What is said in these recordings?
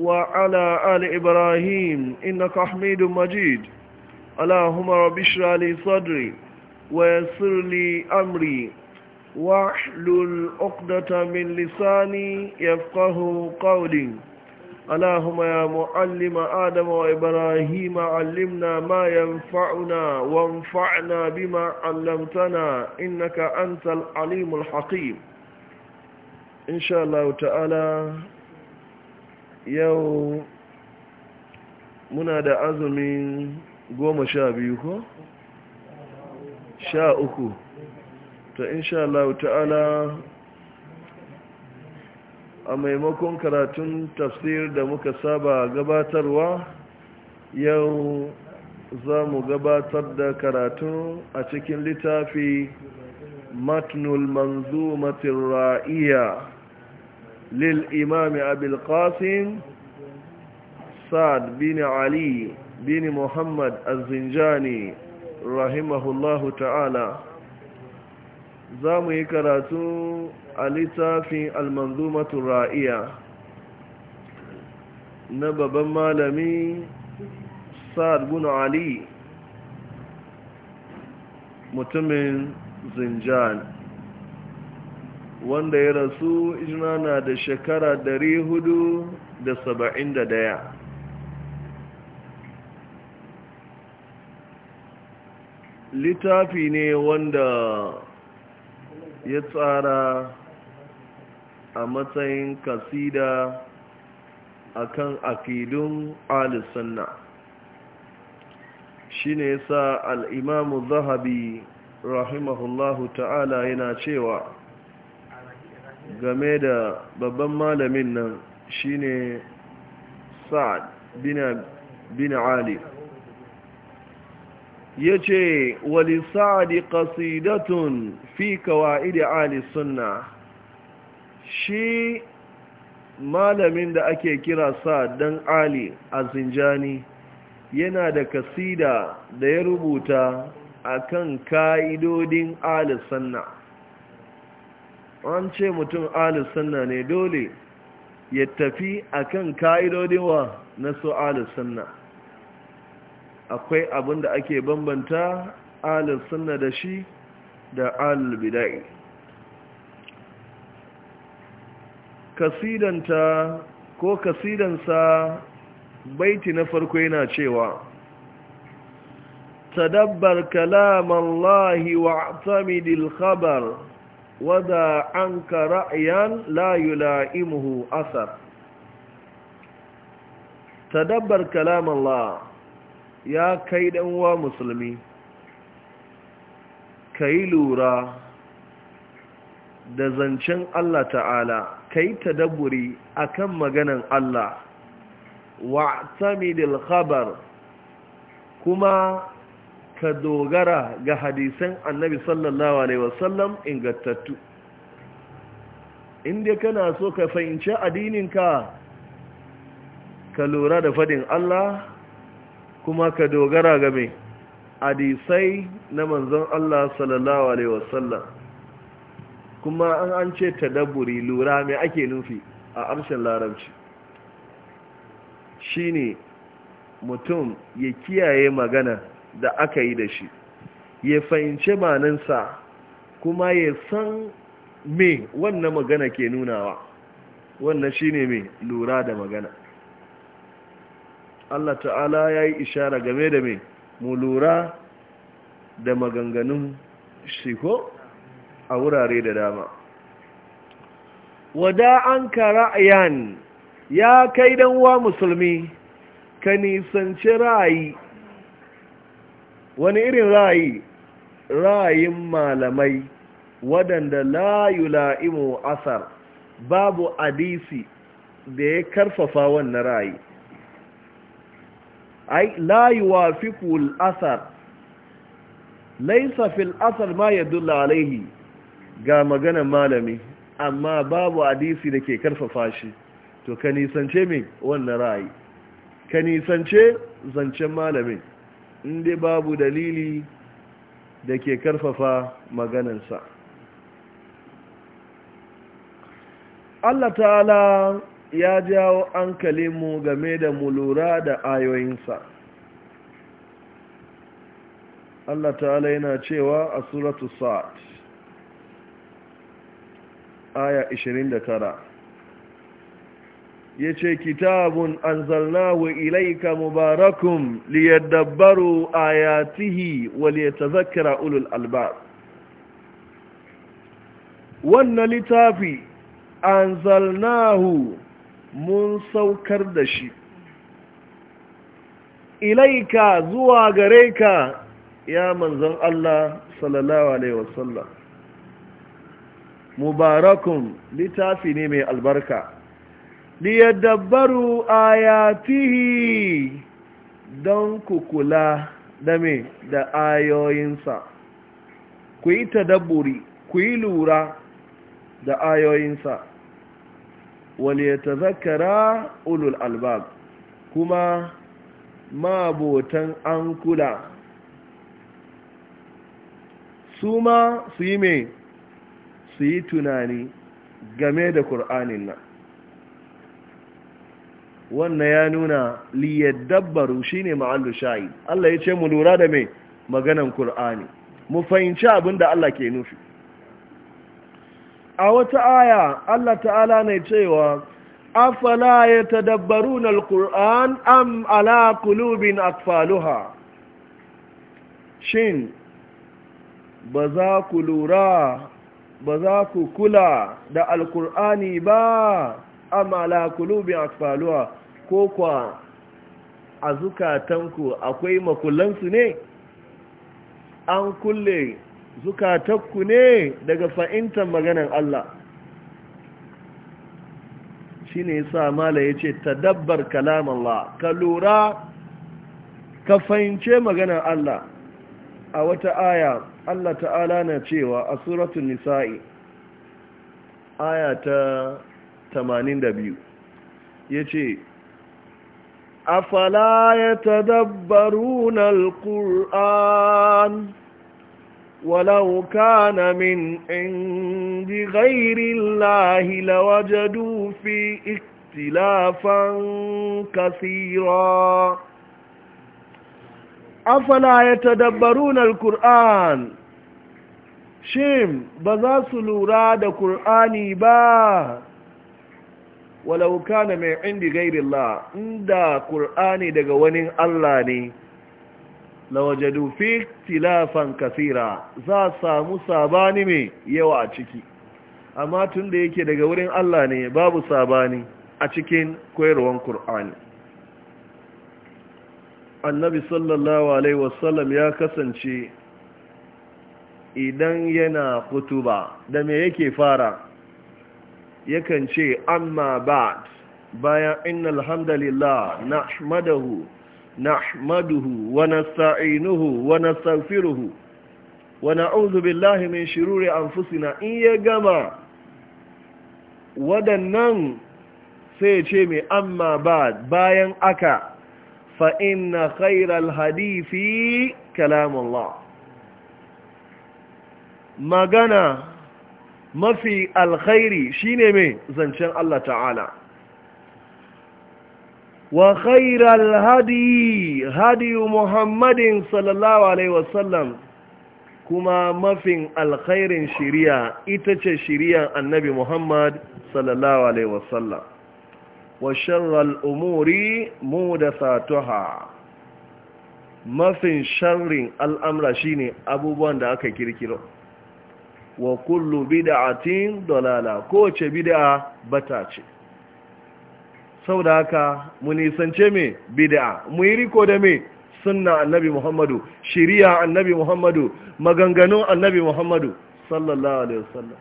وعلى آل إبراهيم إنك حميد مجيد اللهم رب اشرح لي صدري ويسر لي أمري واحلل عقدة من لساني يفقه قولي اللهم يا معلم آدم وإبراهيم علمنا ما ينفعنا وانفعنا بما علمتنا إنك أنت العليم الحكيم إن شاء الله تعالى yau muna da azumin goma sha biyu ko? sha uku ta insha Allah ta'ala a maimakon karatun tafsir da muka saba gabatarwa yau za mu gabatar da karatun a cikin littafi matnul manzumatin ra'iya للإمام أبي القاسم سعد بن علي بن محمد الزنجاني رحمه الله تعالى زامي كراتو ألتا في المنظومة الرائية نبب مالمي سعد بن علي متمن زنجان wanda ya rasu ijina na da shekara dari hudu da saba'in da daya littafi ne wanda ya tsara a matsayin kasida a kan akidun alisanna shi ne sa al'imamu zahabi rahimahullahu ta'ala yana cewa game da babban malamin nan shine sa'ad bin ali ya ce wali sa'adi ƙasidatun fi kawa'idi ali sunna shi malamin da ake kira sa'ad dan ali a zinjani yana da kasida da ya rubuta akan ka'idodin ali sunna an ce mutum alis sunna ne dole ya tafi akan wa na su alis sunna akwai abin da ake bambanta alis sunna da shi da alil bida'i kasidanta ko kasidansa baiti na farko yana cewa tadabbar كلام wa واعتمد khabar wada an ka ra'ayan Layula Imuhu asar tadabbar kalaman Allah ya kai dan wa musulmi yi lura da zancen Allah ta'ala kai a akan maganan Allah wa'tamidil khabar kuma ka dogara ga hadisan annabi sallallahu alaihi wasallam ingantattu inda kana so ka fahimci addininka ka lura da fadin Allah kuma ka dogara ga mai hadisai na manzon Allah sallallahu alaihi wasallam kuma an an ce tadabburi lura mai ake nufi a harshen larabci shine mutum ya kiyaye magana da aka yi da shi ya fahimci manansa kuma ya san me wannan magana ke nunawa wannan shine me lura da magana Allah ta'ala ya yi ishara game da me mu lura da maganganun shi ko a wurare da dama wada an ra'ayan ya kai dan wa musulmi ka nisanci ra'ayi wani irin ra'ayi ra'ayin malamai waɗanda la yula'imu asar babu hadisi da ya karfafa wannan ra'ayi ai la yuwafiqu al-asar laysa fil asar ma yadullu alayhi ga magana malami amma babu hadisi da ke karfafa shi to ka nisance mai wannan ra'ayi ka nisance zancen malamin inda babu dalili da ke karfafa maganansa Allah ta'ala ya jawo an mu game da mu lura da ayoyinsa Allah ta'ala yana cewa a suratu sa'ad aya 29 ya ce kitabun an ilaika mubarakun liyadabbaru ayatihi waliyata zakira ulul albar wannan littafi an mun saukar da shi ilaika zuwa gare ka ya manzan Allah sallallahu alaihi wasallam mubarakun littafi ne mai albarka liyadabbaru ayatihi don ku kula da me da ayoyinsa ku yi tadabburi ku yi lura da ayoyinsa Wani ya tazakara ulul albab kuma mabotan an kula su ma su yi mai su yi tunani game da ƙur'anin nan wannan ya nuna liyadabbaru ne ma'allu shayi Allah ya ce mu lura da mai maganan Kur'ani mu fahimci abin da Allah ke nufi a wata aya Allah ta'ala na cewa afala na ƙul'an am ala kulubin atfaluha shin ba za ku lura ba za ku kula da alkur'ani ba amma la kulubin akfaluwa ko kwa a zukatanku akwai makullansu ne an kulle zukatanku ne daga fa'intan maganan Allah shi ne sa mala ya ce ta dabbar kalamallah ka lura ka fahimce maganan Allah a wata aya Allah ta'ala na cewa a suratun nisa'i aya ta 82 ya ce afala ya tadabbaru na alƙur'an walau kana min indi ghairi lahi lawajadu fi ikhtilafan kasira afala ya tadabbaru na Kur'an. shin ba za su lura da ƙur'ani ba walau kana mai indi gairillah inda Kur'ani daga wani Allah ne lawajadu fi tilafan kasira za samu sabani mai yawa a ciki amma tun da yake daga wurin Allah ne babu sabani a cikin koyarwan Kur'ani. annabi sallallahu alaihi wasallam ya kasance idan yana kutuba da me yake fara yakan ce amma ba'd bayan innal hamdalillah nahmadahu nahmaduhu wa nasta'inuhu wa nastaghfiruhu wa na'udhu billahi min shururi anfusina in ya gama wadannan sai ce mai amma ba'd bayan aka fa inna khayral hadisi kalamullah magana mafi alkhairi shine mai zancen Allah ta'ala wa khairal hadi hadi muhammadin sallallahu alaihi wasallam kuma mafin alkhairin shiriya ita ce shiriyan annabi muhammad sallallahu alaihi wasallam wa sharral umuri mudathatuha mafin sharrin al'amra shine abubuwan da aka kirkiro wa kullu bid'atin dalala kowace bid'a bata ce saboda haka mu nisance me bid'a mu yi riko da me sunna annabi Muhammadu shari'a annabi Muhammadu maganganun annabi Muhammadu sallallahu alaihi wasallam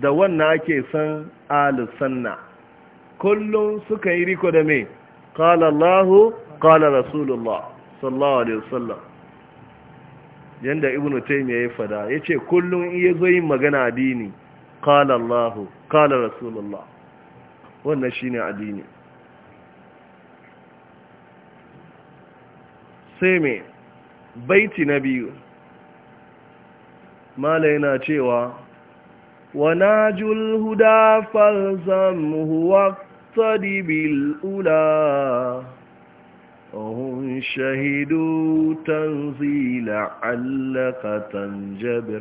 da wannan ake san ahlus sunna kullum suka yi riko da me qala allah qala rasulullah sallallahu alaihi wasallam yanda ibn taymiya ya fada yace kullun iya zo yin magana adini qala allah qala rasulullah wannan shine addini sai me baiti na biyu mala yana cewa wa najul huda falzam huwa tadibil ula وهم شهدوا تنزيل علق تنجبر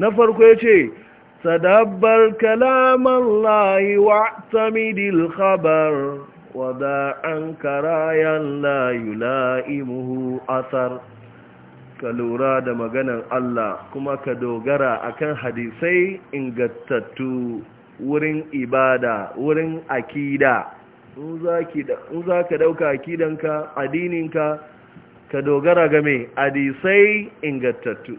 نفر كويتي تدبر كلام الله واعتمد الخبر ودا عنك رايا لا يلائمه أثر ka lura da maganan Allah kuma ka dogara akan hadisai ingantattu wurin ibada wurin akida in za ka dauka akidanka adininka ka dogara game adisai ingantattu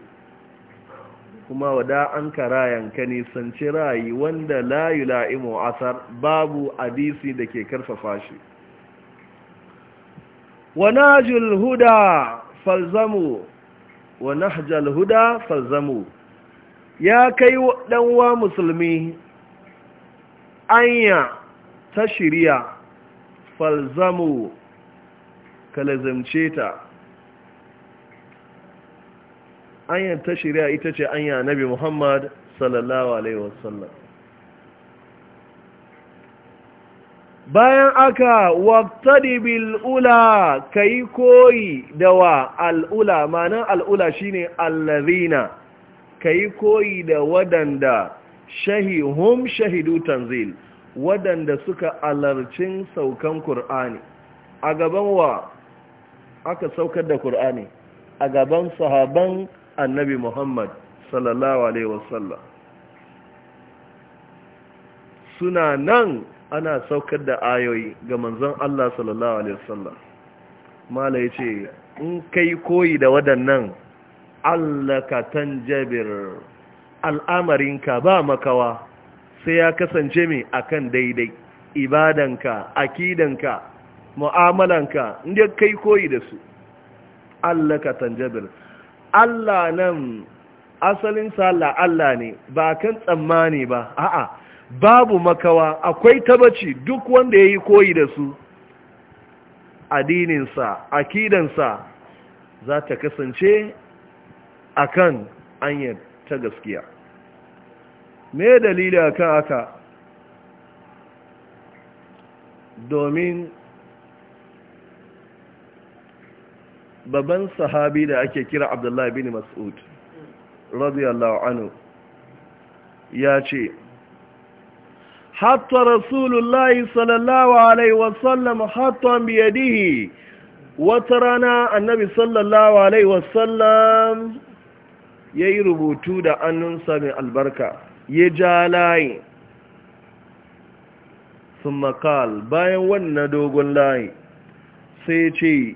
kuma wada an ka nisanci rayi wanda la'imu a asar babu adisi da ke karfafa shi wanajul huda falzamu huda falzamu ya kai ɗanwa musulmi anya ta shirya falzamu kalazamce ta anyan ta shirya ita ce anya nabi muhammad sallallahu alaihi wasallam bayan aka waktadi bil'ula ka yi koyi da wa al'ula manan al'ula shine allazina ka yi koyi da wadanda shahihum shahidu tanzil waɗanda suka alarcin saukan Kur'ani a gaban wa aka saukar da Kur'ani a gaban sahaban annabi Muhammad sallallahu alaihi wasallam suna nan ana saukar da ayoyi ga manzon Allah sallallahu alaihi wasallam mala yace in kai koyi da waɗannan allaka tanjabir al'amarinka ba makawa sai ya kasance mai akan daidai ibadanka akidanka mu'amalanka inda kai koyi da su Allah ka tanjabir Allah nan asalin sallah Allah ne ba kan tsammani ba a'a babu makawa akwai tabaci duk wanda yayi koyi da su akidan sa za ta kasance akan anyar ta gaskiya me dalili akan aka? domin babban sahabi da ake kira abdullahi bin mas'ud radiyallahu anhu ya ce hatta rasulullahi sallallahu alaihi wasallam hatta biyadihi wata rana annabi sallallahu alaihi wasallam ya yi rubutu da annunsa mai albarka ya ja layi sun makal bayan wannan dogon layi sai ce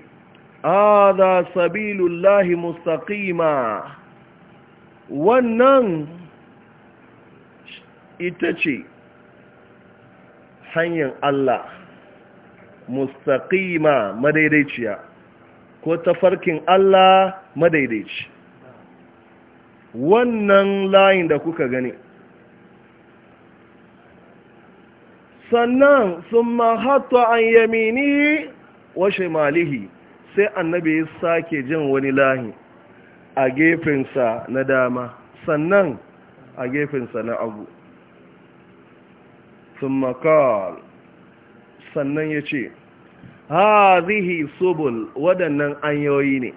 aza sabilullahi mustaqima wannan ita ce hanyar Allah mustaqima madaidaiciya ko tafarkin Allah madaidaici wannan layin da kuka gani sannan sun mahatta an yamini wa shimalihi sai annabi ya sake jin wani lahi a gefensa na dama sannan a gefensa na abu sun makar sannan ya ce ha zihi subul waɗannan anyoyi ne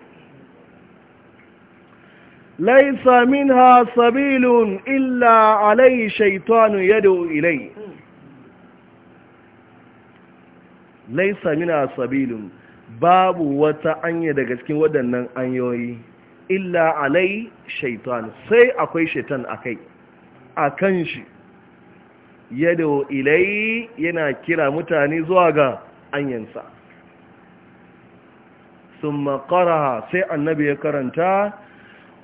laisa min ha sabilun illa alai shaitanu yadda ilai laisa mina sabilun babu wata anya daga cikin waɗannan anyoyi illa alai shaitan sai akwai shaitan akai akan shi yado ilai yana kira mutane zuwa ga anyansa sun makaraha sai annabi ya karanta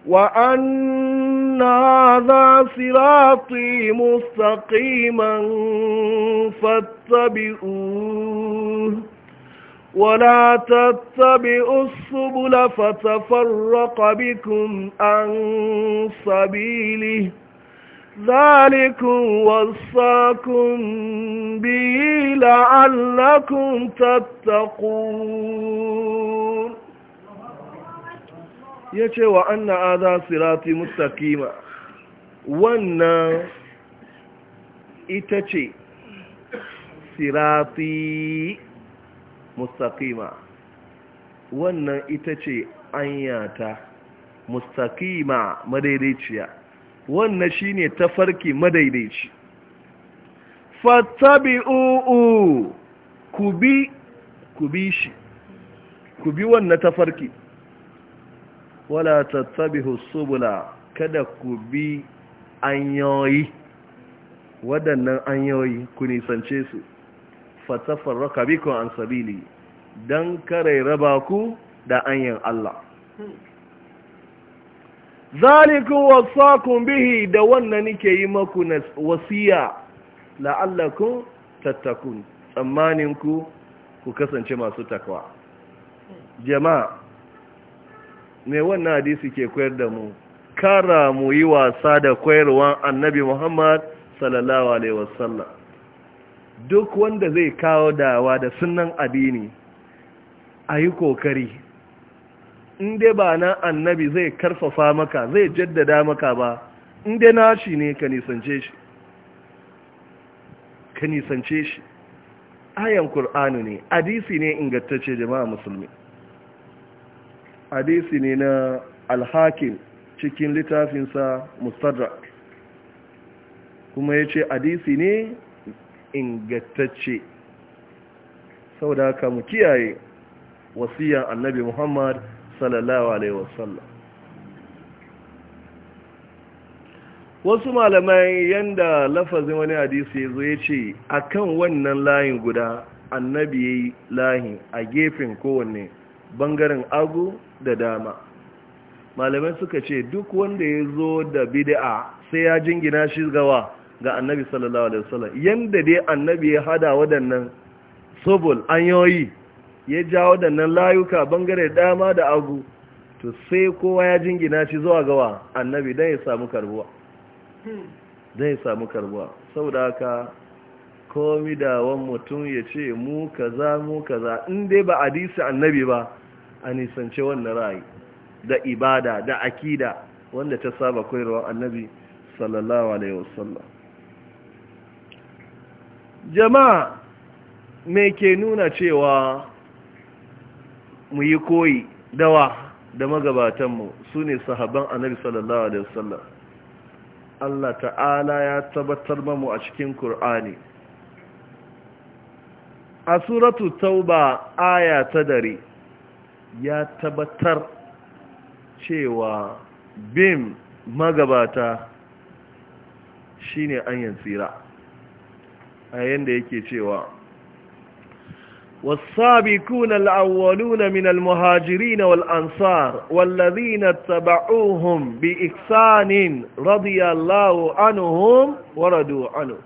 وأن هذا صراطي مستقيما فاتبعوه ولا تتبعوا السبل فتفرق بكم عن سبيله ذلكم وصاكم به لعلكم تتقون ya ce wa an za sirati mustaƙima wannan ita ce sirati mustaƙima wannan ita ce anyata mustaƙima madaidaiciya wannan shine tafarki madaidaici fattabi'u uu kubi shi kubi wannan tafarki wala tattabihu subula kada ku bi anyoyi waɗannan anyoyi ku nisance su fatafarraka bikum an sabili dan kare raba ku da anyan Allah zalikun wasakun bihi da wannan nike yi maku na wasiya la'allakun tattakun tsammaninku ku kasance masu takwa jama'a mai wannan hadisi ke koyar da mu kara mu yi wasa da koyarwan annabi muhammad sallallahu alaihi wasallam duk wanda zai kawo dawa da sunan addini a yi kokari inda ba na annabi zai karfafa maka zai jaddada maka ba inda na shi ne ka nisance shi ka nisance shi ayan ƙur'anu ne hadisi ne ingantacce jama'a musulmi hadisi ne na alhakin cikin littafinsa mustadrak kuma ya ce hadisi ne ingantacce sau da haka mu kiyaye wasiyan annabi muhammad sallallahu alaihi wasallam wasu malamai yanda lafazin wani hadisi zo ya ce akan wannan layin guda annabi ya yi layin a gefen kowanne bangaren agu da dama malamai suka ce duk wanda ya zo da bid'a sai ya jingina shi gawa ga annabi sallallahu alaihi wasallam yanda dai annabi ya hada wadannan subul anyoyi ya ja wadannan layuka bangare dama da agu to sai kowa ya jingina shi zuwa gawa annabi dan ya samu karbuwa hmm. dan ya samu karbuwa saboda haka komi wani mutum ya ce mu kaza mu kaza in dai ba hadisi annabi ba a nisance wannan ra'ayi da ibada da akida wanda ta saba koyarwa annabi sallallahu alaihi wasallam jama'a me ke nuna cewa mu yi koyi dawa da magabatanmu su ne sahabban annabi sallallahu alaihi wasallam Allah ta'ala ya tabbatar mamu a cikin Kur'ani a suratu tauba aya ta dare ya tabbatar cewa bin magabata shine anyan tsira a yanda yake cewa والسابقون الأولون من المهاجرين والأنصار والذين اتبعوهم بإحسان رضي الله عنهم ورضوا عنه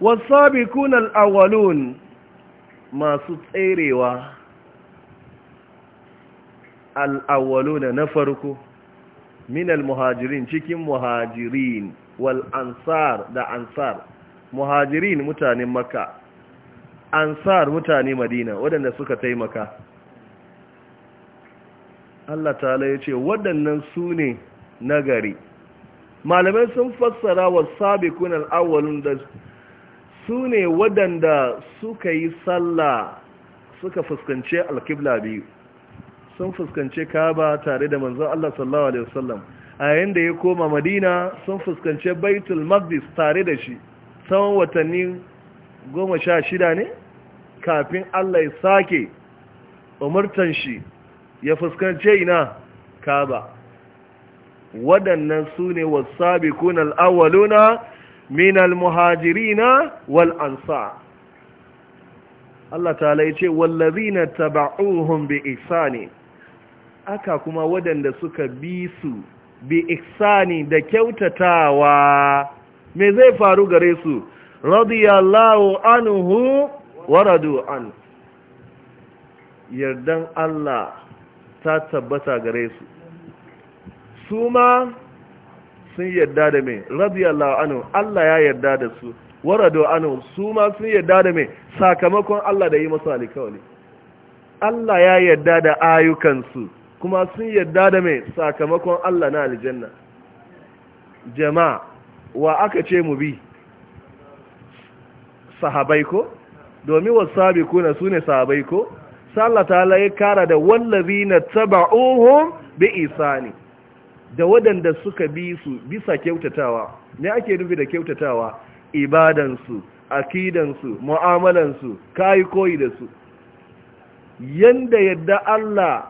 wasabi al-awwalun masu tserewa al na farko min muhajirin cikin muhajirin wal ansar da ansar muhajirin mutanen makka ansar mutane madina waɗanda suka taimaka Allah ta'ala ya ce waɗannan su ne nagari malamai sun fassara wasabi sabiqun al da su ne waɗanda suka yi sallah suka fuskance alkibla biyu sun fuskance kaba tare da manzon Allah sallallahu alaihi wasallam a yayin da ya koma madina sun fuskance baitul magdis tare da shi tsawon watanni goma sha shida ne kafin Allah ya sake umartan shi ya fuskance ina kaba waɗannan su ne wasu sabi kunan awwaluna min almuhajirina wal ansar Allah ta'ala yace wallazina taba'uhum bi ihsani aka kuma wadanda suka bi su bi ihsani da kyautatawa me zai faru gare su radiyallahu anhu wa radu an yardan Allah ta tabbata gare su su ma sun yadda da mai radiyallahu anhu Allah ya yadda da su warado anhu su ma sun yadda da mai sakamakon Allah da yi masu alkawali Allah ya yadda da ayyukansu kuma sun yadda da mai sakamakon Allah na aljanna jama'a wa aka ce mu bi sahabai ko domin wasabi kuna su ne sahabai ko sallata la ya kara da wallazina taba'uhum bi isani da waɗanda suka bi su bisa kyautatawa ne ake nufi da kyautatawa ibadansu akidansu mu'amalansu kayi koyi da su yanda yadda Allah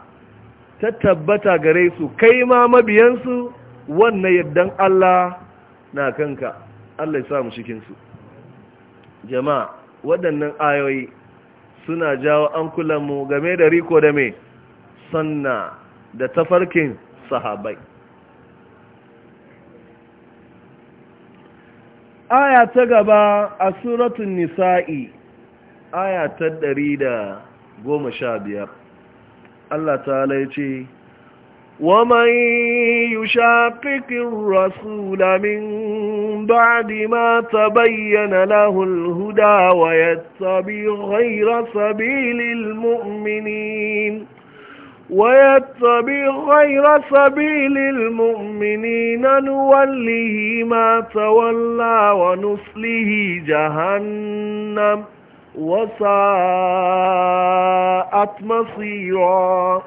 ta tabbata gare su kai ma mabiyansu wannan yaddan Allah na kanka Allah ya samu cikinsu jama'a waɗannan ayoyi suna jawo an mu game da riko da mai sanna da tafarkin sahabai aya ta gaba a suratun nisa'i aya ta ɗari da goma sha biyar Allah ta ce ومن يشاقق الرسول من بعد ما تبين له الهدى ويتبع غير سبيل المؤمنين ويتبع غير سبيل المؤمنين نوله ما تولى ونصله جهنم وساءت مصيرا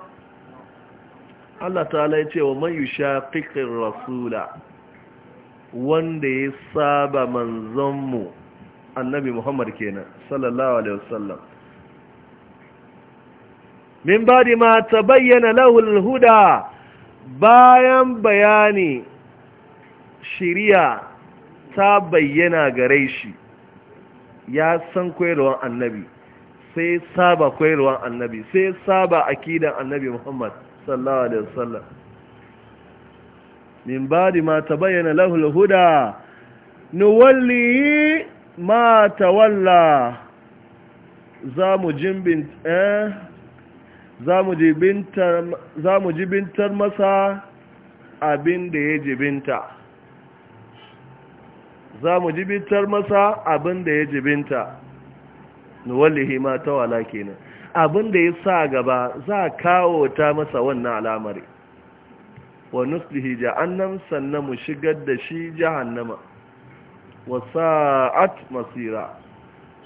Allah ta'ala ya ce wa man yushaqiqir rasula wanda ya saba manzonmu annabi Muhammad kenan sallallahu alaihi min ba ma ta bayyana lahul huda bayan bayani shiriya ta bayyana gare shi ya san kwayarwar annabi sai saba kwayarwar annabi sai saba akidan annabi muhammad sallallahu alaihi wasallam min ba ma ta bayyana lahul huda nuwallihi ma tawalla za mu jimbin eh za mu jibintar masa abin da ya jibinta za mu jibintar masa abin da ya jibinta nuwallihi ma wala kenan abin da ya sa gaba za kawo ta masa wannan alamari wa nuslihi nan sannan mu shigar da shi jahannama wa sa'at masira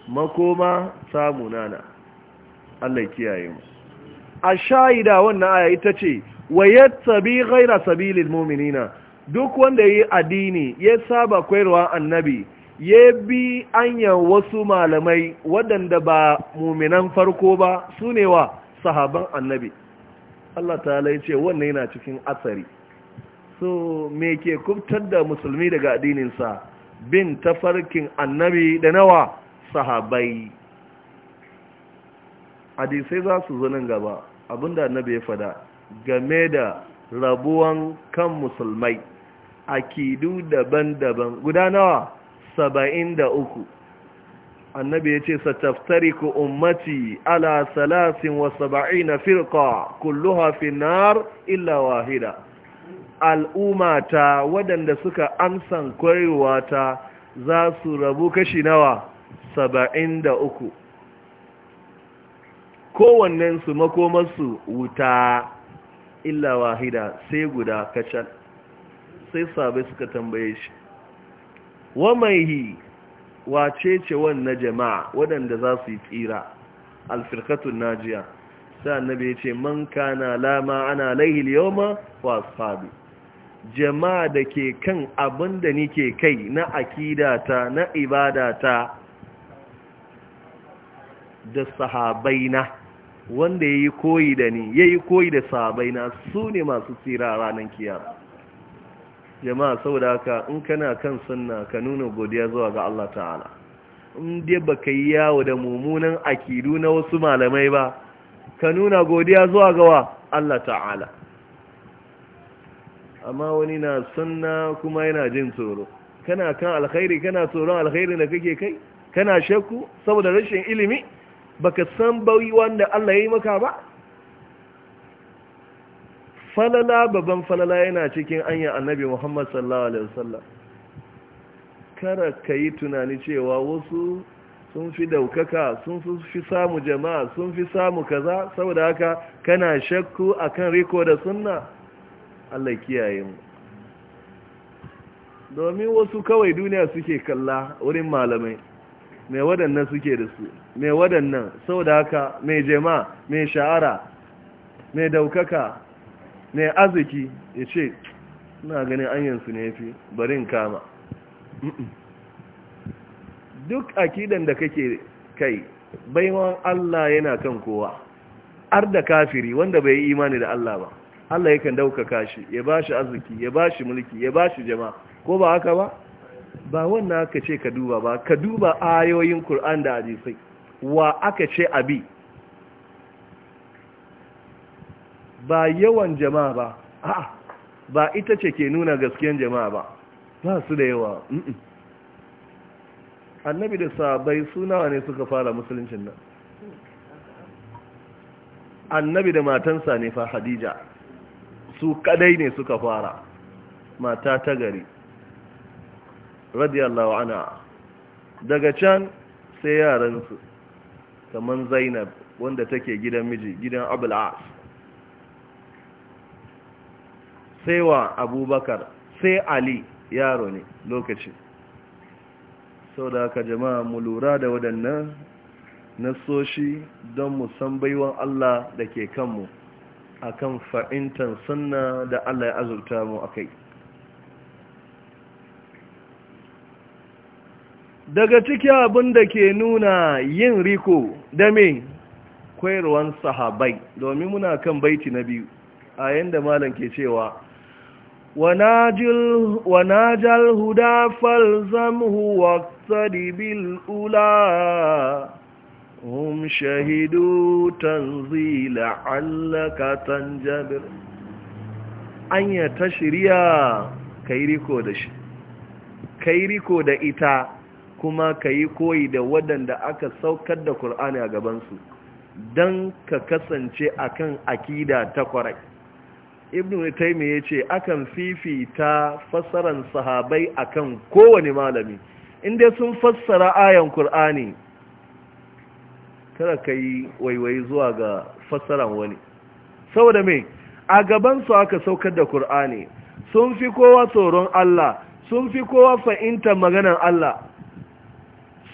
makoma samunana Allah kiyaye mu a sha'ida wannan aya ita ce wa bi ghaira sabilil mu'minina duk wanda yi addini ya saba koyarwa annabi ya bi anya wasu malamai waɗanda ba muminan farko ba su ne wa sahaban annabi Allah ta ce wannan yana cikin asari so me ke kubtar da musulmi daga addininsa bin tafarkin annabi da nawa sahabai hadisai za su zo nan gaba abinda annabi ya fada game da rabuwan kan musulmai a kidu daban-daban guda nawa saba'in da uku annabi ya ce ku ummati ala salasin wa na firka kullu fi nar illa wahida al'umata waɗanda suka amsan kwarewa ta za su rabu kashi nawa saba'in da uku kowannensu makomarsu wuta illa wahida sai guda kacal sai sabai suka tambaye shi wa mai wace ce wannan jama'a waɗanda za su yi tsira alfirkatun najiya sai annabi ya ce man kana lama ana laihil yawma wa ashabi jama'a da ke kan abin da nike kai na akidata na ibadata da sahabaina wanda ya yi koyi da ni ya yi koyi da sabai na su ne masu tsira a ranar kiyama jama'a saboda haka in kana kan sunna ka nuna godiya zuwa ga Allah ta'ala in dai baka yi yawo da mummunan akidu na wasu malamai ba ka nuna godiya zuwa ga wa Allah ta'ala amma wani na sunna kuma yana jin tsoro kana kan alkhairi kana tsoron alkhairi da kake kai kana shakku saboda rashin ilimi baka san bauyi wanda Allah ya yi maka ba falala babban falala yana cikin anya annabi Muhammad sallallahu alaihi wasallam kara kai tunani cewa wasu sun fi daukaka sun fi samu jama'a sun fi samu kaza saboda haka kana shakku akan riko da sunna Allah kiyaye mu domin wasu kawai duniya suke kalla wurin malamai mai waɗannan suke da su mai waɗannan sau da haka mai jema mai sha'ara mai daukaka mai arziki ya ce na ganin anyansu ne fi barin kama duk akidan da kake kai baiwan Allah yana kan kowa ar da kafiri wanda bai yi imani da Allah ba Allah yakan daukaka shi ya bashi arziki ya bashi mulki ya bashi jama'a ko ba haka ba ba wannan aka ce ka duba ba ka duba ayoyin Kur'an da hadisai wa aka ce abi ba yawan jama'a ba a'a ba ita ce ke nuna gaskiyan jama'a ba ba su da yawa annabi da Sabai sunawa ne suka fara musuluncin nan annabi da matansa ne fa hadija su kadai ne suka fara mata ta gari radiyallahu ana daga can sai yaransu kamar zainab wanda take gidan miji gidan abul'as sai wa abubakar sai ali yaro ne lokaci sau da haka jama'a mu lura da waɗannan nasoshi don mu san baiwan Allah da ke kanmu a kan fa'intan sunna da Allah ya azurta mu a kai daga ciki abin da ke nuna yin riko da mai kwayarwan sahabai domin muna kan baiti na biyu a yadda malam ke cewa wana jal huda falzamhu wa bil ula hum shahidu tanzila allaka tanjabir anya tashriya kai kai riko da ita kuma ka yi koyi da waɗanda aka saukar da Kur'ani a gabansu don ka kasance akan akida ta kwarai ibn taimi ya ce akan fifita fassaran sahabai akan kowane malami inda sun fassara ayan Kur'ani kada ka yi waiwai zuwa ga fassaran wani saboda mai a gabansu aka saukar da Kur'ani sun fi kowa tsoron Allah sun fi kowa fa'inta maganar Allah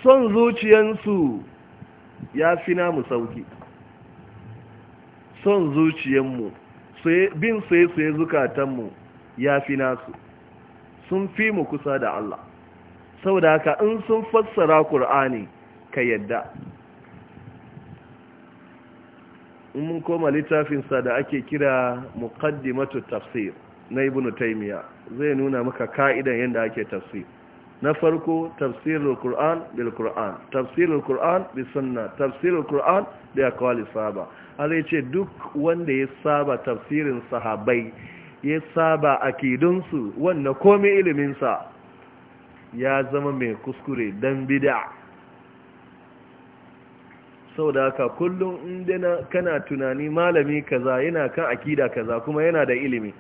son zuciyansu ya fi mu sauki son zuciyanmu bin soye-soye zukatanmu ya fi nasu sun fi mu kusa da Allah saboda haka in sun fassara ƙur'ani ka yadda in mun koma littafinsa da ake kira muqaddimatu tafsir na ibnu taymiya zai nuna maka ka'idan yadda ake tafsir na farko tafsirul Qur'an bil Qur'an tafsirul Qur'an bi sunna tafsirul Qur'an da akwali sahaba alai yace duk wanda ya saba tafsirin sahabai ya saba akidunsu su komai ilimin ya zama mai kuskure dan bid'a saboda haka kullum inda kana tunani malami kaza yana kan akida kaza kuma yana da ilimi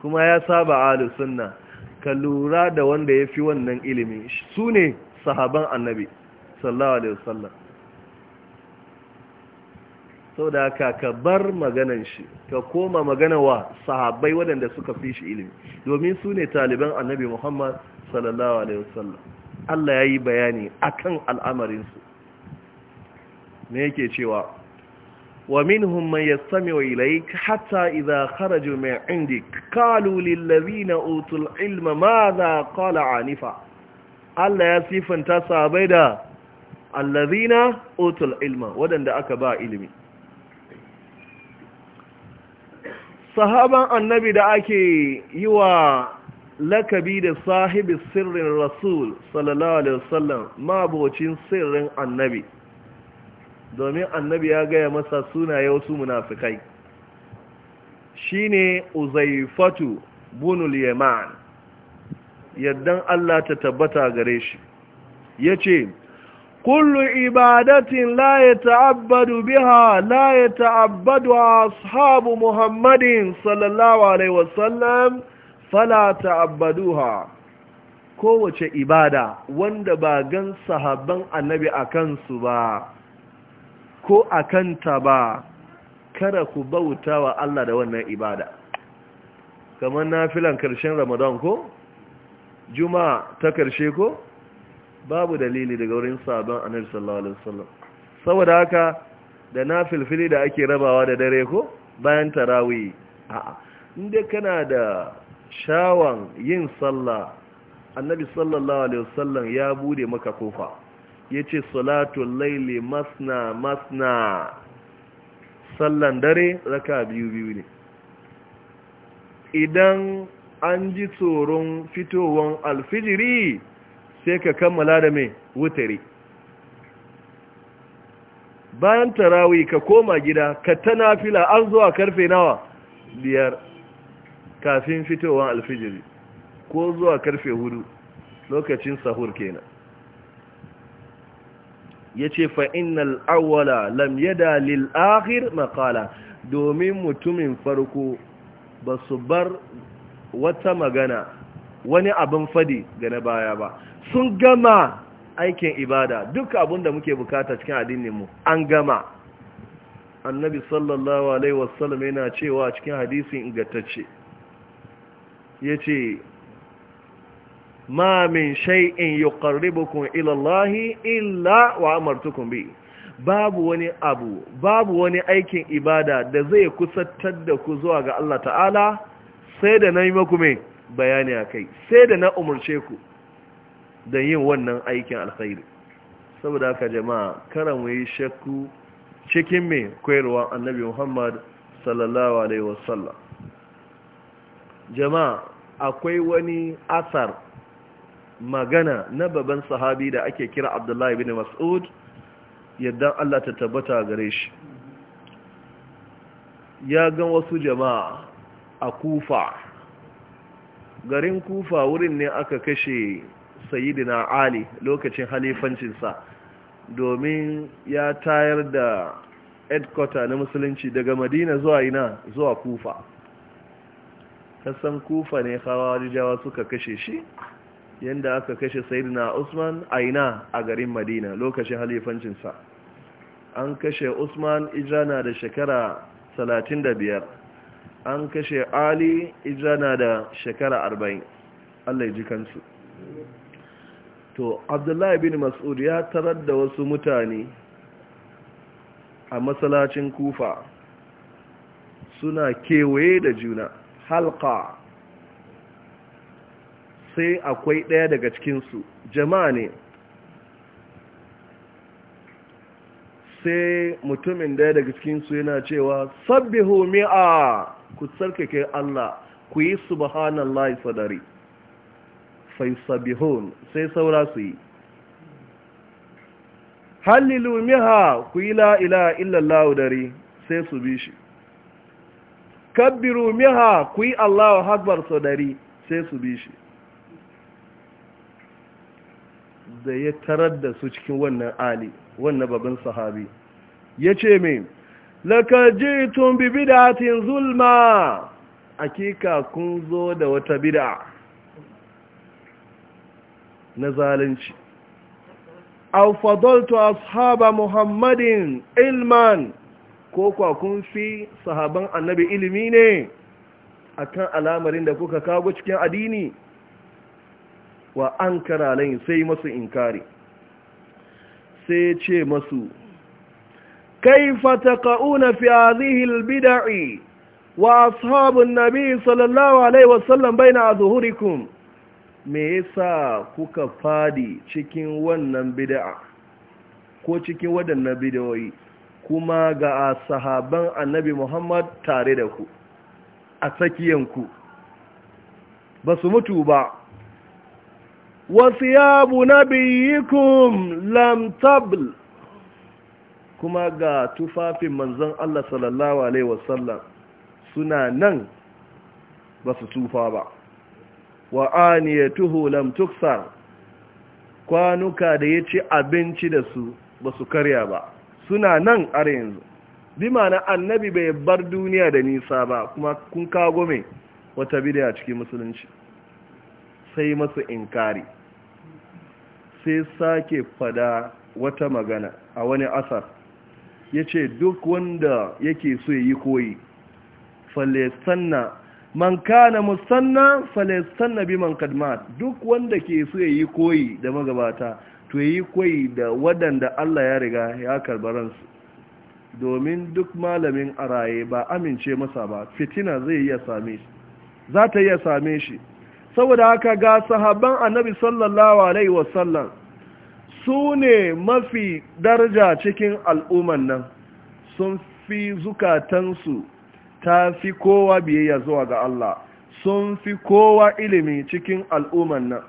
kuma ya saba alu sunna ka lura da wanda ya fi wannan ilimi su ne sahaban annabi sallallahu alaihi wasallam sau da haka ka bar maganan shi ka koma magana wa sahabbai waɗanda suka fi shi ilimi domin su ne taliban annabi muhammad sallallahu alaihi wasallam Allah ya yi bayani akan al'amarinsu me yake cewa ومنهم من يستمع إليك حتى إذا خرجوا من عندك قالوا للذين أوتوا العلم ماذا قال عنفا ألا يسيف انت سابدا الذين أوتوا العلم ودن دعك با علمي صحابا النبي دعك يوى لك بيد صاحب السر الرسول صلى الله عليه وسلم ما بوچين سر النبي domin annabi ya gaya masa sunaye wasu munafikai shine uzaifatu bunul yaman yaddan Allah ta tabbata gare shi yace kullu ibadatin la yata'abbadu biha la yata'abbadu ashabu muhammadin sallallahu alaihi wasallam fala ta'abbaduha kowace ibada wanda ba gan sahabban annabi a kansu ba ko a kanta ba kada ku bauta wa Allah da wannan ibada kamar na filan karshen ramadan ko juma'a ta karshe ko babu dalili daga wurin sabon anil sallallahu alaihi saboda haka da na filfili da ake rabawa da dare ko bayan tarawi a'a inda kana da shawan yin sallah annabi sallallahu alaihi wasallam ya bude maka kofa ya ce salatun laili masna masna sallan dare raka biyu biyu ne idan an ji tsoron fitowar alfijiri sai ka kammala da mai wutare bayan tarawi ka koma gida ka tana fila an zuwa karfe nawa biyar kafin fitowar alfijiri ko zuwa karfe hudu lokacin sahur kenan ya ce fa'innal awwala lam yada lil akhir makala domin mutumin farko ba su bar wata magana wani abin fadi ga na baya ba sun gama aikin ibada duk abin da muke bukata cikin addinin mu an gama annabi sallallahu alaihi wasallam yana cewa cikin hadisin ingantacce ya ce ma min shay'in yuqarribukum ila Allah illa wa amartukum bi babu wani abu babu wani aikin ibada da zai kusantar da ku zuwa ga Allah ta'ala sai da na yi maku bayani a kai sai da na umarce ku da yin wannan aikin alkhairi saboda haka jama'a kada mu yi shakku cikin mai koyarwa annabi Muhammad sallallahu alaihi wasallam jama'a akwai wani asar magana na baban sahabi da ake kira abdullahi bin mas'ud yadda Allah ta tabbata gare shi ya gan wasu jama'a a kufa garin kufa wurin ne aka kashe sayidina ali lokacin halifancinsa domin ya tayar da headquarter na musulunci daga madina zuwa ina zuwa kufa kasan kufa ne hawa hawarijawa suka kashe shi yadda aka kashe sayidina usman a ina a garin madina lokacin halifancinsa an kashe usman ijana da shekara 35 an kashe ali ijana da shekara 40 allah ji kansu to abdullahi bin mas'ud ya tarar da wasu mutane a matsalacin kufa suna kewaye da juna halka sai akwai ɗaya daga cikinsu jama'a ne sai mutumin ɗaya daga cikinsu yana cewa sabbihu mi'a ku tsarkake Allah ku yi subhanallah sadari fai sabihun sai saura su yi hallilu miha ku yi la'ila illallahu dari, sai su bi shi kabbiru miha ku yi allahu hagbar sadari sai su bi shi da ya tarar da su cikin wannan ali wannan babban sahabi ya ce mai lakaji tun bi bidatin zulma akika kun zo da wata bida na zalunci aw a ashaba muhammadin ilman ko kwa kun fi sahaban annabi ilimi ne akan alamarin da kuka kago cikin addini wa an kara layin sai masu inkari sai ce masu kaifa taqauna fi hadhihi albid'i wa ashabun nabi sallallahu alaihi wasallam baina azhurikum me yasa kuka fadi cikin wannan bid'a ko cikin wadannan bid'o'i kuma ga sahaban annabi Muhammad tare da ku a tsakiyanku ba su mutu ba وثياب نبيكم لم تبل kuma ga tufafin manzon Allah sallallahu Alaihi wasallam suna nan ba su tufa ba wa aniyatuhu lam kwanuka da ya ci abinci da su ba su karya ba suna nan har yanzu bi mana annabi bai bar duniya da nisa ba kuma kun kago mai wata bidiya cikin musulunci sai masu inkari sai sake fada wata magana a wani asar ya ce duk wanda yake so yi koyi falestanna man kana musanna falestanna bi man kadmat duk wanda ke so yi koyi da magabata to yi koyi da wadanda Allah ya riga ya karbaransu domin duk malamin araye ba amince masa ba fitina zai iya same shi za ta iya same shi saboda haka ga sahaban annabi sallallahu alaihi wasallam su ne mafi daraja cikin al'umman nan sun fi zukatansu ta fi kowa biyayya zuwa ga Allah sun fi kowa ilimi cikin al'umman nan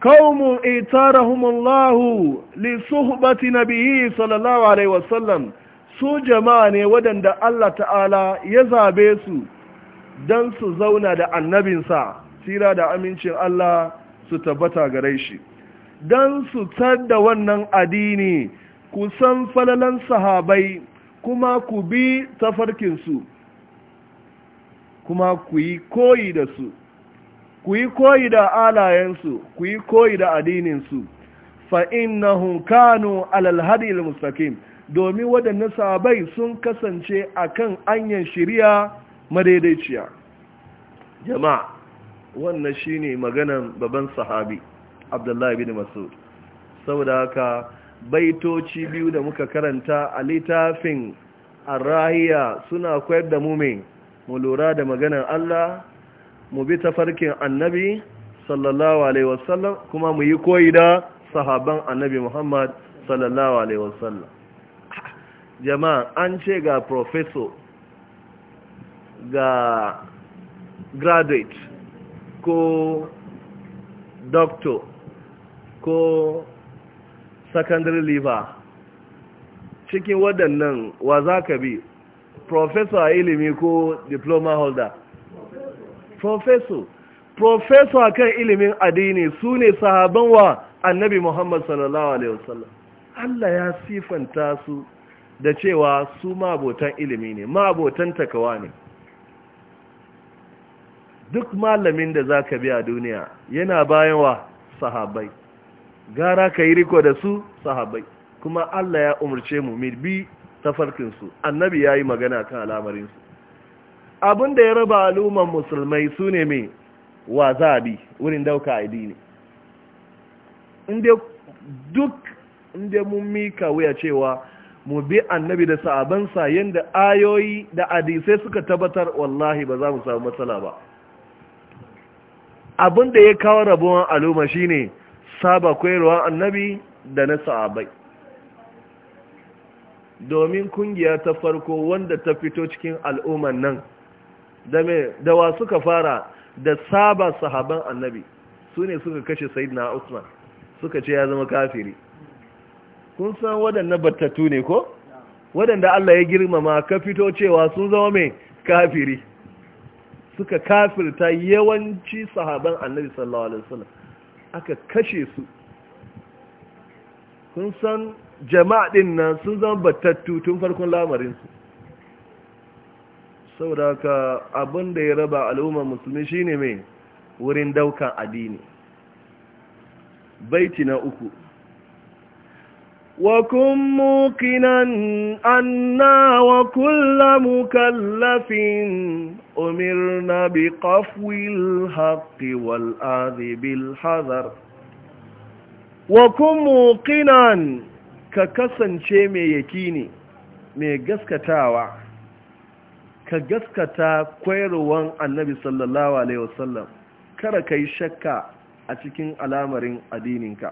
qaumun itarahumullahu li suhbati nabiyyi sallallahu alaihi wasallam su jama'a ne waɗanda Allah ta'ala ya zabe su don su zauna da annabinsa basira da amincin Allah su tabbata gare shi don su da wannan addini ku san falalan sahabai kuma ku bi tafarkinsu kuma ku yi koyi da su ku yi koyi da alayensu ku yi koyi da addininsu fa'in na kanu alalhadi hadil domin waɗannan sahabai sun kasance a kan anyan shirya madaidaiciya jama'a wannan shi ne maganan babban sahabi abdullahi bin masud saboda haka baitoci biyu da muka karanta a littafin arrahiya suna koyar da mu mai mu lura da maganar Allah mu bi tafarkin annabi sallallahu alaihi wasallam kuma mu yi koyi da sahaban annabi Muhammad sallallahu alaihi wasallam jama'a an ce ga professor ga graduate ko doctor ko secondary liver cikin waɗannan wa za ka bi professor ilimi ko diploma holder professor professor kan ilimin addini su ne sahaban wa annabi muhammad sallallahu alaihi wasallam Allah ya sifanta su da cewa su abotan ilimi ne ma'abotan takawa ne duk malamin da za ka bi a duniya yana bayan wa sahabai gara ka yi riko da su sahabai kuma Allah ya umarce mu mu bi tafarkinsu annabi ya yi magana kan al'amarinsu abin da ya raba al'umman musulmai sune ne mai wa wurin dauka addini duk inda mun mika wuya cewa mu bi annabi da sahabansa yadda ayoyi da hadisai suka tabbatar wallahi ba za mu samu matsala ba abin da ya kawo rabuwan al'umma ne saba koyarwa annabi da na sa'abai domin kungiya ta farko wanda ta fito cikin al'umman nan da wa suka fara da saba sahaban annabi su ne suka kashe sayidina usman suka ce ya zama kafiri kun san waɗanda battatu ne ko waɗanda Allah ya girmama ka fito cewa sun zama mai kafiri suka kafirta yawanci sahaban annabi sallallahu alaihi wasallam aka kashe su kun san jama'a din nan sun zama batattu tun farkon lamarin su saboda ka abin da ya raba al'ummar musulmi shine mai wurin daukan addini baiti na uku وكن موقنا أنا وكل مكلف أمرنا بقفو الحق والآذ بالحذر وكن موقنا ككسن شيء يكيني mai gaskatawa ka gaskata kwairuwan annabi sallallahu alaihi wasallam kada ka yi shakka a cikin alamarin addininka.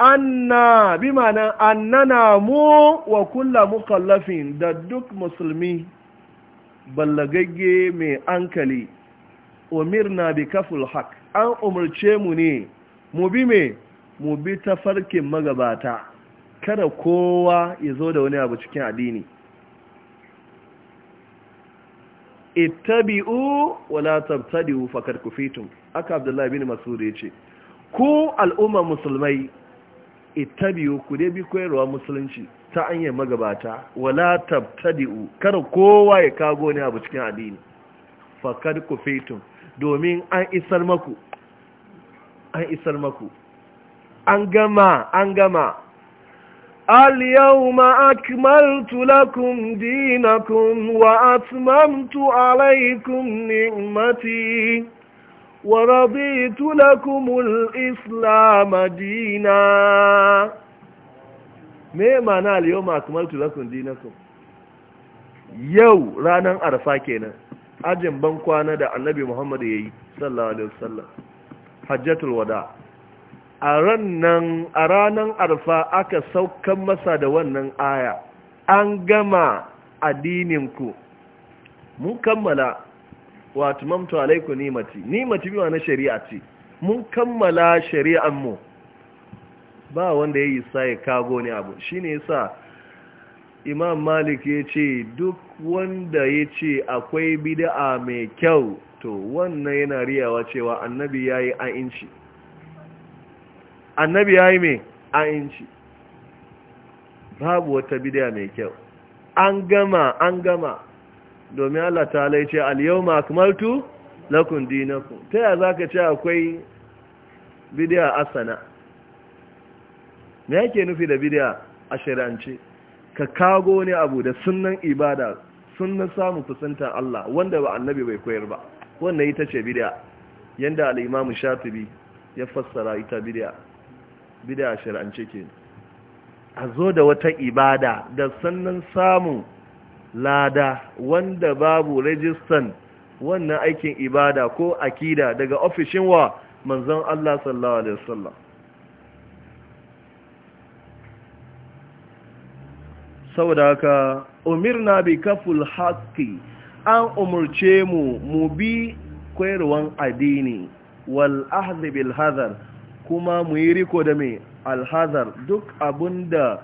anna bi ma'ana annana mu wa kulla mukallafin da duk musulmi ballagagge mai ankali umirna bi kaful haq an umarce mu ne mu bi me mu bi tafarkin magabata kada kowa ya zo da wani abu cikin addini ittabi'u wala tabtadi'u fakad kufitum aka abdullahi bin mas'ud yace ku al'umma musulmai ittabi'u ku dai bi koyarwa musulunci ta hanyar magabata wala tabtadi'u kar kowa ya kago ne abu cikin addini fakad kufaitum domin an isar maku an isar maku an gama an gama akmaltu lakum dinakum wa atmamtu alaykum ni'mati. ورضيت لكم الإسلام دينا me mana al-yawma akmaltu lakum dinakum yau ranan arfa kenan ajin ban da annabi Muhammad yayi sallallahu alaihi wada a ranan arfa aka saukan masa da wannan aya an gama addinin ku mun kammala wa tumamtu alaiku nimati nimati biwa na shari'a ce mun kammala shari'an mu ba wanda yayi sai kago ne abu shine yasa Imam Malik yace duk wanda yace akwai bid'a mai kyau to wannan yana riyawa cewa annabi yayi a inci annabi yayi me a inci babu wata bid'a mai kyau an gama an gama domin Allah ta lai ce al-yawma akmaltu lakum ta ya zaka ce akwai bidiyar asana me yake nufi da bidiyar a shirance? ka kago ne abu da sunan ibada sunan samun kusanta Allah wanda ba annabi bai koyar ba wannan ita ce bidiyar Yadda al’imamu Shafi ya fassara ita bidiyar a shirance ke a zo da wata ibada da sannan samun lada wanda babu rajistan wannan aikin ibada ko akida daga ofishin wa manzon Allah sallallahu alaihi wasallam saboda ka umirna bi kaful haqqi an umurce mu mu bi koyarwan addini wal ahd bil hadar kuma mu yi riko da me al hadar duk abunda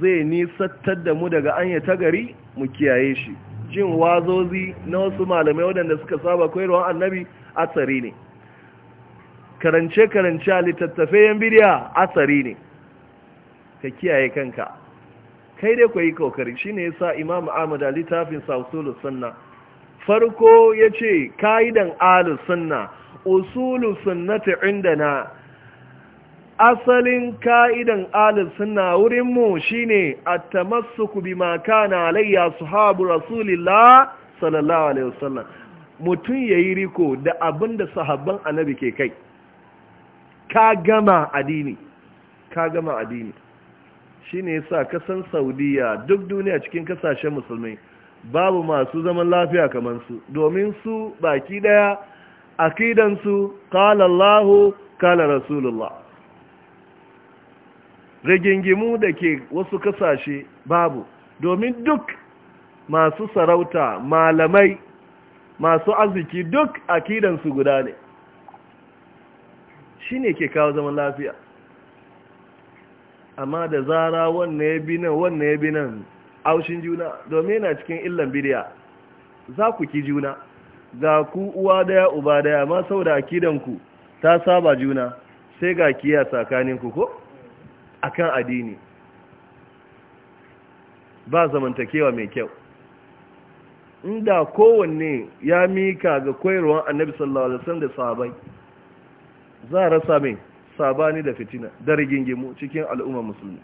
zai nisattar da mu daga anya ta gari mu kiyaye shi jin wazozi na wasu malamai waɗanda suka saba koyarwa annabi tsari ne karance-karance a littattafai yan bidiya tsari ne ka kiyaye kanka kai dai ku yi kokari shi ne ya sa imam ahmad a littafin sausulun sunna farko ya ce ka dan alu sunna usulun sunnata inda na asalin ka'idan alif suna wurinmu shi ne a tamassuku bi maka na alayya su habu rasulillah sallallahu alaihi wasallam mutum ya yi riko da abin da sahabban annabi ke kai ka gama adini ka gama adini shi ne sa kasan saudiya duk duniya cikin kasashen musulmi babu masu zaman lafiya kamar su domin su baki daya akidansu kala Allahu kala rasulullah rigingimu da ke wasu kasashe babu domin duk masu sarauta malamai masu arziki duk akidansu guda ne shi ne ke kawo zaman lafiya amma da zara wannan ya bi nan wannan ya bi nan aushin juna domin yana cikin illan bidiya za ku ki juna ga ku uwa daya uba daya ma saboda akidanku ta saba juna sai ga kiya tsakaninku ko akan addini ba zamantakewa mai kyau inda kowanne ya mika ga koyarwar annabi sallallahu alaihi wasallam da sahabbai za a rasa mai sabani da fitina da rigingimu cikin al'ummar musulmi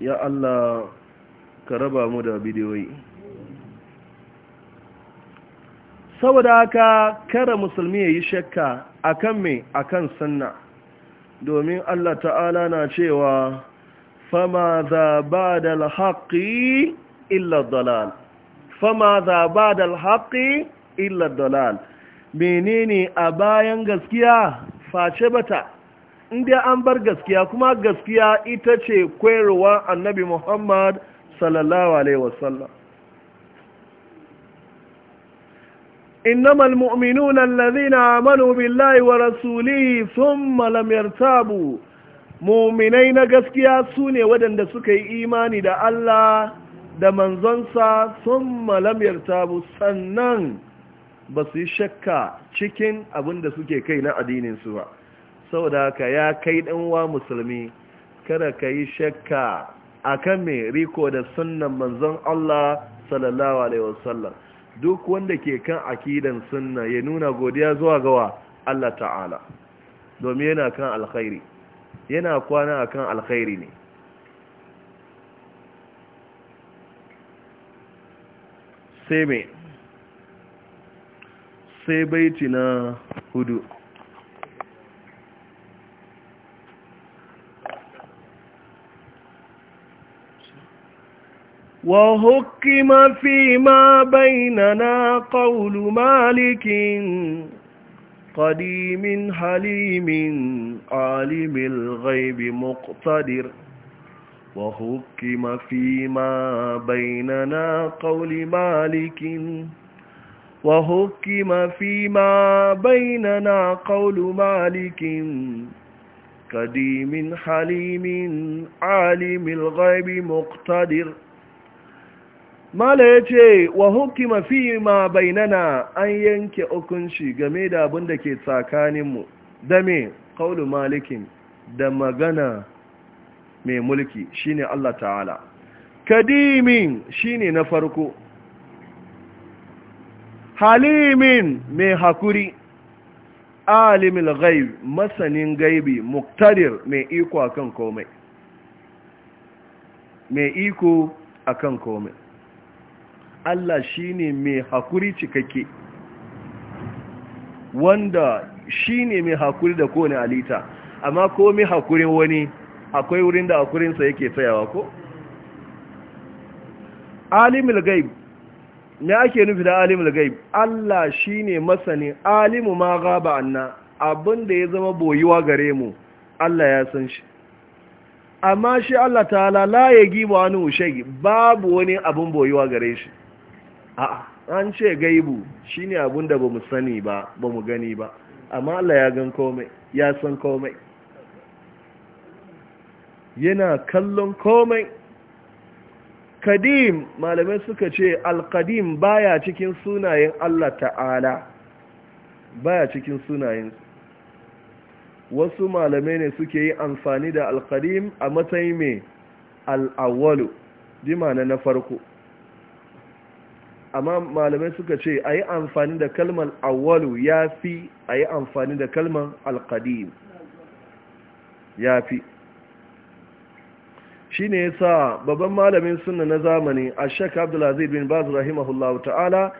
ya Allah ka raba mu da bidiyoyi saboda haka kara musulmi ya yi shakka akan mai akan sunna domin Allah ta'ala na cewa fama za ba da alhaƙi illa dalal fama za ba da alhaƙi illa dalal menene a bayan gaskiya face bata inda an bar gaskiya kuma gaskiya ita ce koyarwa annabi muhammad sallallahu alaihi wasallam إنما المؤمنون الذين آمنوا بالله ورسوله ثم لم يرتابوا muminai na gaskiya sune waɗanda suka yi imani da Allah da manzonsa sun malamyar tabu sannan ba su yi shakka cikin abin da suke kai na addininsu ba saboda haka ya kai ɗanwa musulmi kada ka yi shakka a kan mai riko da sunan manzon Allah sallallahu duk wanda ke kan akidan sunna ya nuna godiya zuwa gawa Allah ta'ala domin yana kan alkhairi yana kwana a kan alkhairi ne sai mai sai baiti na hudu وحكم فيما بيننا قول مالك قديم حليم عالم الغيب مقتدر وحكم فيما بيننا قول مالك وحكم فيما بيننا قول مالك قديم حليم عالم الغيب مقتدر mala ya ce wa hukima fi ma bainana an yanke hukunci game da abin da ke tsakaninmu da me kaulu malikin da magana mai mulki shine Allah ta'ala kadimin shine na farko halimin mai hakuri alimin gaib masanin gaibi muktadir mai iko akan komai mai iko akan komai Allah shine mai hakuri cikakke wanda shine mai hakuri da kowane alita amma ko mai hakurin wani akwai wurin da hakurinsa yake tsayawa ko alimul gaib me ake nufi da alimul gaib Allah shine masani alimu ma gaba anna abinda ya zama boyuwa gare mu Allah ya san shi amma shi Allah ta'ala la ya giba wani ushe babu wani abin boyuwa gare shi a an ce gaibu shine abin da bamu sani ba bamu gani ba amma Allah ya gan komai ya san komai yana kallon komai kadim malamai suka ce alkadim baya cikin sunayen Allah ta'ala baya cikin sunayen wasu malamai ne suke yi amfani da alkadim a matsayin mai al'awwalu dimana na farko amma malamai suka ce a yi amfani da kalmar awwalu ya fi a yi amfani da kalmar alkadim ya fi shi ne sa babban malamin suna na zamani a shek abdullazi bin bazu rahimahullahu ta'ala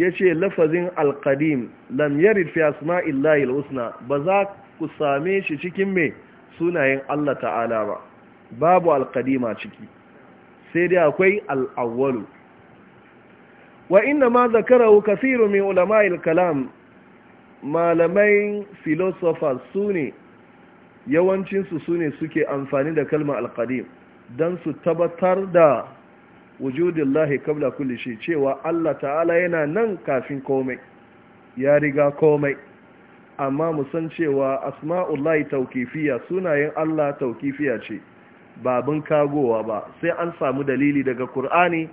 ya ce lafazin alkadim lam yarid fi asma'illahi husna ba za ku same shi cikin mai sunayen allah ta'ala ba babu alkadima ciki sai dai akwai al'awwalu wa inna ma zakarahu kasiru min ulama'il kalam malamai philosophers su ne yawancinsu su ne suke amfani da kalmar alkadim don su tabbatar da wujudin lahi kabla kulle shi cewa Allah ta'ala yana nan kafin komai ya riga komai amma musan cewa asma'ullahi taukifiya sunayen Allah taukifiya ce babin kagowa ba sai an samu dalili daga Kur'ani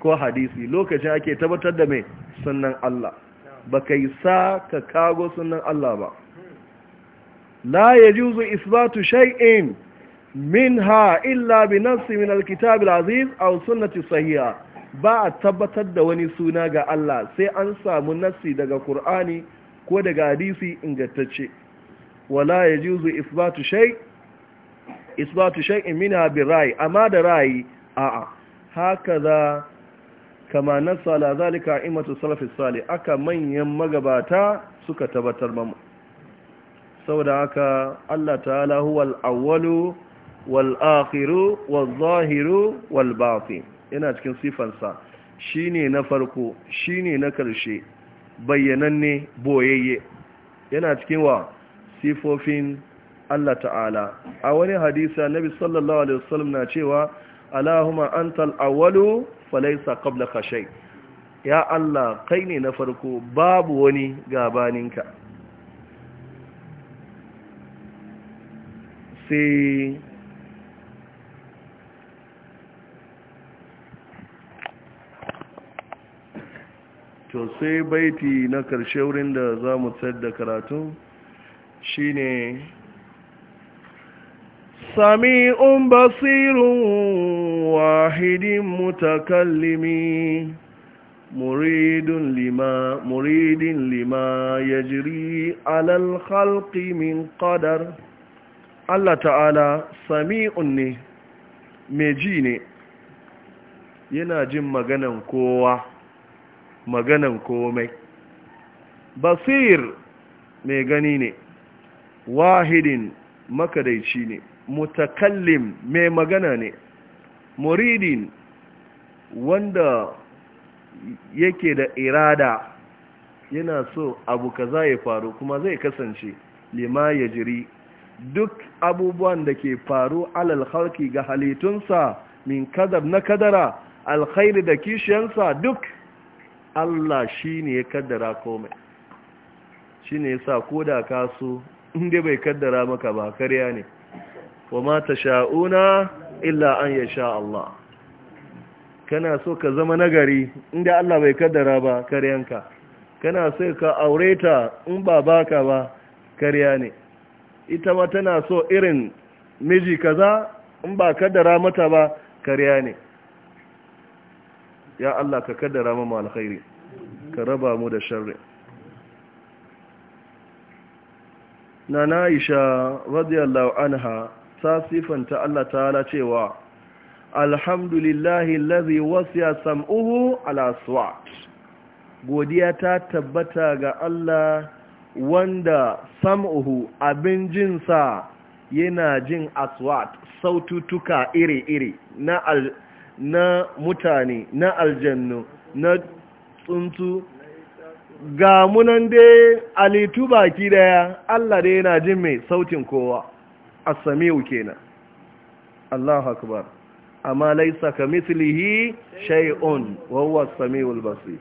ko hadisi lokacin ake tabbatar da mai sunan Allah ba ka yi sa ka kago sunan Allah ba la ya juzu isbatu shay'in minha illa bi nafsi min alkitab alaziz aw sunnati sahiha ba a tabbatar da wani suna ga Allah sai an samu nassi daga Qur'ani ko daga hadisi ingantacce wala ya juzu isbatu shay isbatu shay'in minha bi rai, amma da rai? a'a hakaza kama nasa ala zalika imatu salafi sali aka manyan magabata suka tabbatar mamu saboda haka Allah ta'ala huwal awwalu wal akhiru wal zahiru wal yana cikin sifansa shine na farko shine na karshe bayyananne boyayye yana cikin wa sifofin Allah ta'ala a wani hadisa nabi sallallahu alaihi wasallam na cewa alahuma antal awwalu falaisa kabla kashai ya Allah kai ne na farko babu wani gabaninka sai to sai baiti na karshe wurin da za mu tsar da karatu shine samiun basirun wahidin mutakallimi muridun lima muridin lima yajri ala alhalqi min qadar allah ta'ala sami'un ne mai ji ne yana jin maganan kowa maganan komai basir mai gani ne wahidin makadaici ne mutakallim mai magana ne muridin wanda yake da irada yana so abu kaza ya faru kuma zai kasance lima ya jiri duk abubuwan da ke faru alal halki ga halittunsa min kadar na kadara alkhairi da kishiyansa duk Allah shi ne ya kaddara komai shi ne ya sa ko da kasu inda bai kaddara maka ba karya ne wa ma sha'una illa an sha Allah kana so ka zama nagari inda Allah bai kaddara ba karyanka kana so ka aure ta in ba baka ba karya ne ita ma tana so irin miji kaza in ba kaddara mata ba karya ne ya Allah ka kaddara mu alkhairi ka raba mu da sharri nana Aisha radiyallahu anha ta Allah ta'ala cewa alhamdulillahi lazi ya sam'uhu ala godiya ta tabbata ga Allah wanda sam'uhu abin jinsa yana jin aswat saututuka iri-iri na, na mutane na aljannu na tsuntsu ga munan dai alitu baki daya Allah dai yana jin mai sautin kowa asamiu samiu kenan Allahu akbar amma laysa kamithlihi shay'un wa huwa as-sami'ul basir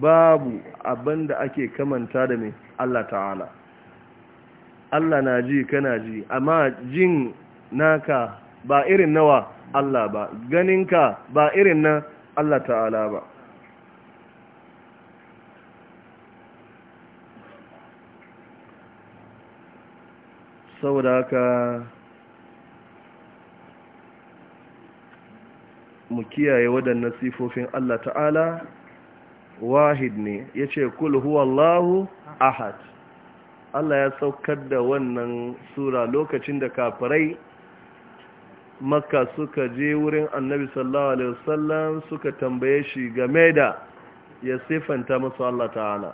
babu abinda ake kamanta da mai Allah ta'ala Allah na ji kana ji amma jin naka ba irin nawa Allah ba ganinka ba irin na Allah ta'ala ba saboda haka mu kiyaye waɗannan sifofin Allah ta'ala wahid ne ya ce kul huwallahu ahad Allah ya saukar da wannan sura lokacin da kafirai makka suka je wurin annabi sallallahu alaihi wasallam suka tambaye shi game da ya sifanta masu Allah ta'ala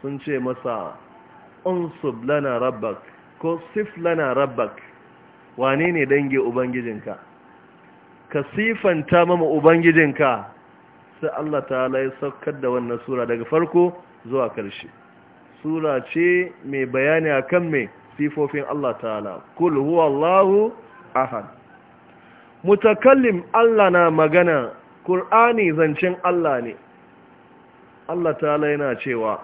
sun ce masa unsub lana rabbaka ko siflana rabbak wane ne dange ubangijinka ka sifanta mama ubangijinka sai Allah ta'ala ya saukar da wannan sura daga farko zuwa karshe sura ce mai bayani akan mai sifofin Allah ta'ala kul huwa Allahu ahad mutakallim Allah na magana Qur'ani zancen Allah ne Allah ta'ala yana cewa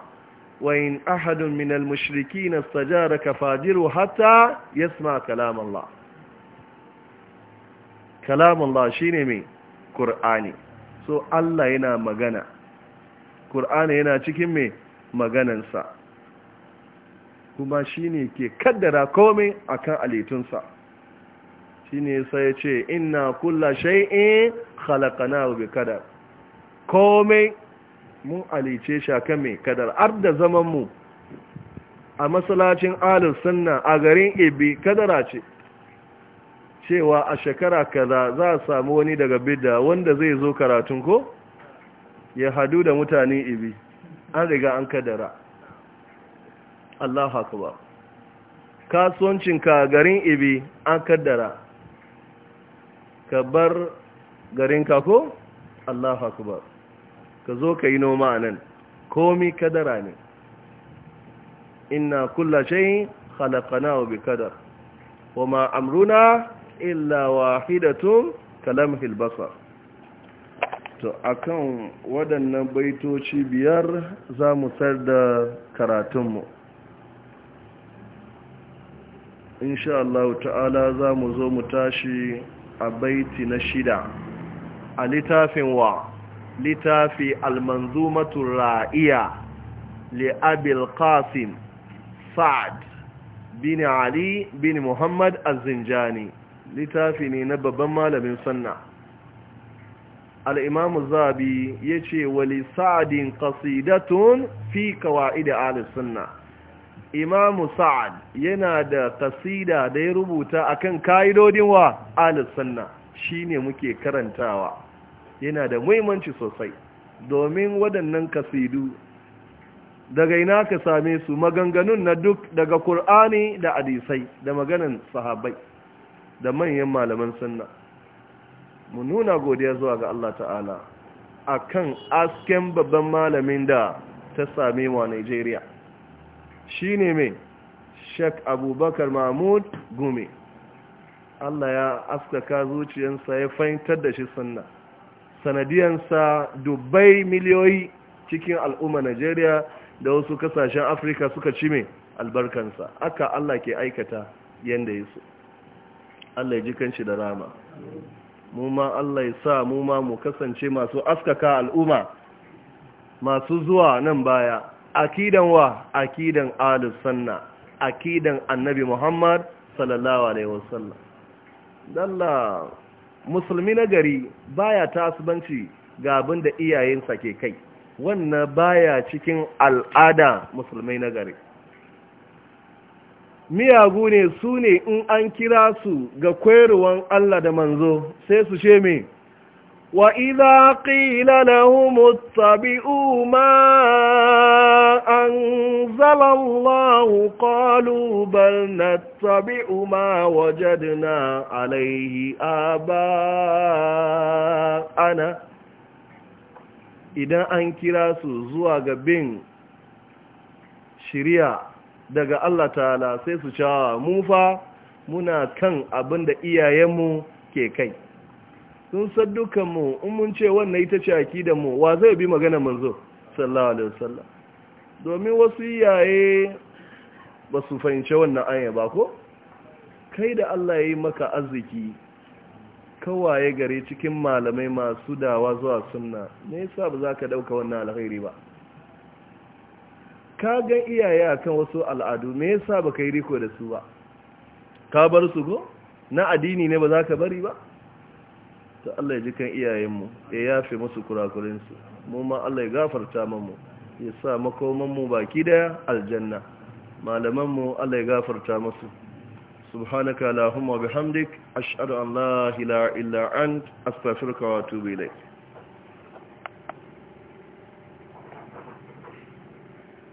وإن أحد من المشركين استجارك فاجره حتى يسمع كلام الله كلام الله شيني مي قرآني so Allah yana magana Kur'ani yana cikin mai maganansa kuma shine ke kaddara komai akan alitunsa shine sai ya ce inna kulla shay'in khalaqnahu bi qadar komai mun alice shi akan mai kadar ar da zaman mu a masalacin alif sunna a garin ibi kadara ce cewa a shekara kaza za a samu wani daga bidda wanda zai zo karatun ko ya hadu da mutane ibi an riga an kadara Allah akbar kasuwancinka garin ibi an kadara. ka bar garinka ko Allah akbar ka zo ka yi noma nan komi kadara ne inna kulla shayin khalaqanahu obi kadar wama amruna illa wahidatun kalam hilbasa. to akan waɗannan baitoci biyar za mu tsar da karatunmu insha Allah ta'ala za mu zo mu tashi a baiti na shida a littafin wa littafi almanzumatun ra'iya li'abil qasim sa'ad bin ali bin muhammad azinjani littafi ne na babban malamin sunna al'imamu zabi ya ce wali sa'adin kasidatun fi kawa'ida alis imamu sa'ad yana da kasida da ya rubuta akan ka'idodin wa alis sunna ne muke karantawa yana da muhimmanci sosai domin waɗannan kasidu daga ina ka same su maganganun na duk daga Kur'ani da hadisai da maganan sahabai da manyan malaman sunna mu nuna godiya zuwa ga Allah ta'ala a kan asken babban malamin da ta same wa Najeriya shine mai Sheikh Abubakar Mahmud Gumi Allah ya askaka zuciyarsa ya fahimtar da shi sunna sanadiyansa dubbai miliyoyi cikin al'umma Najeriya da wasu kasashen Afirka suka ci cime albarkansa aka Allah ke aikata yanda so. Allah ya ji kanci da rama mu ma Allah ya sa mu ma mu kasance masu askaka al'umma masu zuwa nan baya akidan wa akidan ahlus sunna akidan annabi Muhammad sallallahu alaihi wasallam dalla musulmi na gari baya tasubanci ga abin da iyayensa ke kai wannan baya cikin al'ada musulmai na gari miyagu ne su ne in an kira su ga kweruwan Allah da manzo sai su ce mai وإذا قيل لهم اتبعوا ما أنزل الله قالوا بل نتبع ما وجدنا عليه آباءنا idan an kira su zuwa ga bin shirya daga Allah ta'ala sai su cewa mu fa muna kan abinda iyayenmu ke kai sun san dukan mu in mun ce wannan ita ce akida mu wa zai bi magana manzo sallallahu alaihi wasallam domin wasu iyaye ba su fahimci wannan aya ba ko kai da Allah ya yi maka arziki kawaye gare cikin malamai masu dawa zuwa sunna me yasa ba za ka dauka wannan alkhairi ba ka ga iyaye akan wasu al'adu me yasa ba kai yi riko da su ba ka bar su go na addini ne ba za ka bari ba ta Allah ya ji kan iyayenmu ya yafe musu kurakurinsu mu ma Allah ya gafarta mamu ya sa makomanmu baki daya aljanna malamanmu Allah ya gafarta musu subhanaka allahumma bihamdik ashhadu an la ilaha illa ant astaghfiruka wa atubu ilayk